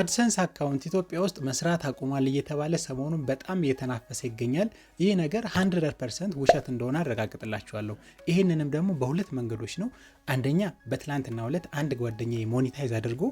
አድሰንስ አካውንት ኢትዮጵያ ውስጥ መስራት አቁሟል እየተባለ ሰሞኑን በጣም እየተናፈሰ ይገኛል። ይህ ነገር 100 ውሸት እንደሆነ አረጋግጥላችኋለሁ። ይህንንም ደግሞ በሁለት መንገዶች ነው። አንደኛ በትላንትና ዕለት አንድ ጓደኛ ሞኒታይዝ አድርጎ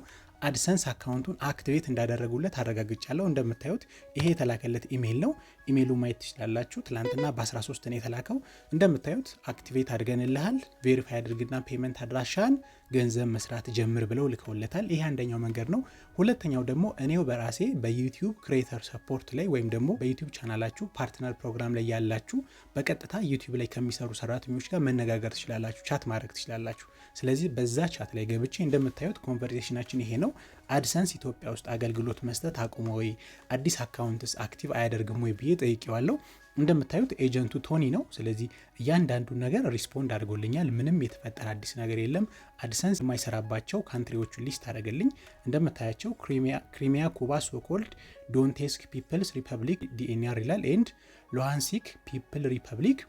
አድሰንስ አካውንቱን አክቲቬት እንዳደረጉለት አረጋግጫለሁ። እንደምታዩት ይሄ የተላከለት ኢሜይል ነው። ኢሜይሉ ማየት ትችላላችሁ። ትላንትና በ13 ነው የተላከው። እንደምታዩት አክቲቬት አድርገንልሃል፣ ቬሪፋይ አድርግና ፔመንት አድራሻን ገንዘብ መስራት ጀምር ብለው ልከውለታል። ይሄ አንደኛው መንገድ ነው። ሁለተኛው ደግሞ እኔው በራሴ በዩቲዩብ ክሬተር ሰፖርት ላይ ወይም ደግሞ በዩቲዩብ ቻናላችሁ ፓርትነር ፕሮግራም ላይ ያላችሁ በቀጥታ ዩቲዩብ ላይ ከሚሰሩ ሰራተኞች ጋር መነጋገር ትችላላችሁ፣ ቻት ማድረግ ትችላላችሁ። ስለዚህ በዛ ቻት ላይ ገብቼ እንደምታዩት ኮንቨርሴሽናችን ይሄ ነው። አድሰንስ ኢትዮጵያ ውስጥ አገልግሎት መስጠት አቁሞ ወይ አዲስ አካውንትስ አክቲቭ አያደርግም ወይ ብዬ ጠይቄዋለሁ። እንደምታዩት ኤጀንቱ ቶኒ ነው። ስለዚህ እያንዳንዱ ነገር ሪስፖንድ አድርጎልኛል። ምንም የተፈጠረ አዲስ ነገር የለም። አድሰንስ የማይሰራባቸው ካንትሪዎቹ ሊስት አደረገልኝ። እንደምታያቸው ክሪሚያ፣ ኩባ፣ ሶኮልድ፣ ዶንቴስክ ፒፕልስ ሪፐብሊክ ዲኤንአር ይላል ኤንድ ሎሃንሲክ ፒፕል ሪፐብሊክ፣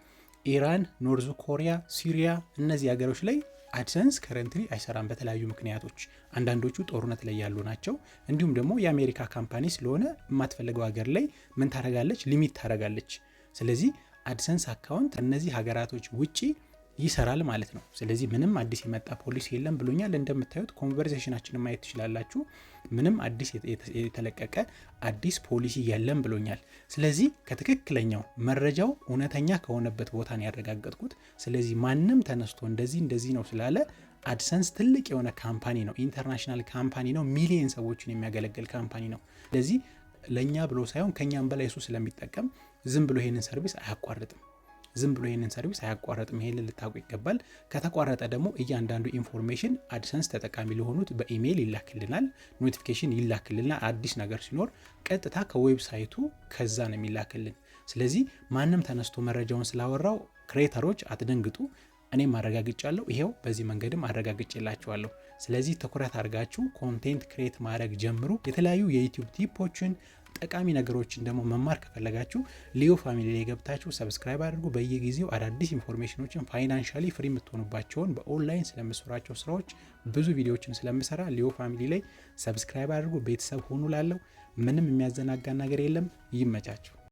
ኢራን፣ ኖርዝ ኮሪያ፣ ሲሪያ እነዚህ ሀገሮች ላይ አድሰንስ ከረንትሊ አይሰራም በተለያዩ ምክንያቶች። አንዳንዶቹ ጦርነት ላይ ያሉ ናቸው። እንዲሁም ደግሞ የአሜሪካ ካምፓኒ ስለሆነ የማትፈልገው ሀገር ላይ ምን ታደረጋለች? ሊሚት ታደረጋለች። ስለዚህ አድሰንስ አካውንት ከእነዚህ ሀገራቶች ውጪ ይሰራል ማለት ነው። ስለዚህ ምንም አዲስ የመጣ ፖሊሲ የለም ብሎኛል። እንደምታዩት ኮንቨርሴሽናችን ማየት ትችላላችሁ። ምንም አዲስ የተለቀቀ አዲስ ፖሊሲ የለም ብሎኛል። ስለዚህ ከትክክለኛው መረጃው እውነተኛ ከሆነበት ቦታ ነው ያረጋገጥኩት። ስለዚህ ማንም ተነስቶ እንደዚህ እንደዚህ ነው ስላለ አድሰንስ ትልቅ የሆነ ካምፓኒ ነው፣ ኢንተርናሽናል ካምፓኒ ነው፣ ሚሊየን ሰዎችን የሚያገለግል ካምፓኒ ነው። ስለዚህ ለእኛ ብሎ ሳይሆን ከእኛም በላይ እሱ ስለሚጠቀም ዝም ብሎ ይሄንን ሰርቪስ አያቋርጥም። ዝም ብሎ ይህንን ሰርቪስ አያቋረጥም። ይሄንን ልታውቁ ይገባል። ከተቋረጠ ደግሞ እያንዳንዱ ኢንፎርሜሽን አድሰንስ ተጠቃሚ ለሆኑት በኢሜይል ይላክልናል፣ ኖቲፊኬሽን ይላክልናል። አዲስ ነገር ሲኖር ቀጥታ ከዌብሳይቱ ከዛ ነው የሚላክልን። ስለዚህ ማንም ተነስቶ መረጃውን ስላወራው ክሬተሮች አትደንግጡ። እኔም አረጋግጫለሁ። ይሄው በዚህ መንገድም አረጋግጬላችኋለሁ። ስለዚህ ትኩረት አድርጋችሁ ኮንቴንት ክሬት ማድረግ ጀምሩ። የተለያዩ የዩቲዩብ ቲፖችን ጠቃሚ ነገሮችን ደግሞ መማር ከፈለጋችሁ ሊዮ ፋሚሊ ላይ ገብታችሁ ሰብስክራይብ አድርጉ። በየጊዜው አዳዲስ ኢንፎርሜሽኖችን ፋይናንሻሊ ፍሪ የምትሆኑባቸውን በኦንላይን ስለምሰራቸው ስራዎች ብዙ ቪዲዮዎችን ስለምሰራ ሊዮ ፋሚሊ ላይ ሰብስክራይብ አድርጉ። ቤተሰብ ሆኑ ላለው ምንም የሚያዘናጋ ነገር የለም። ይመቻችሁ።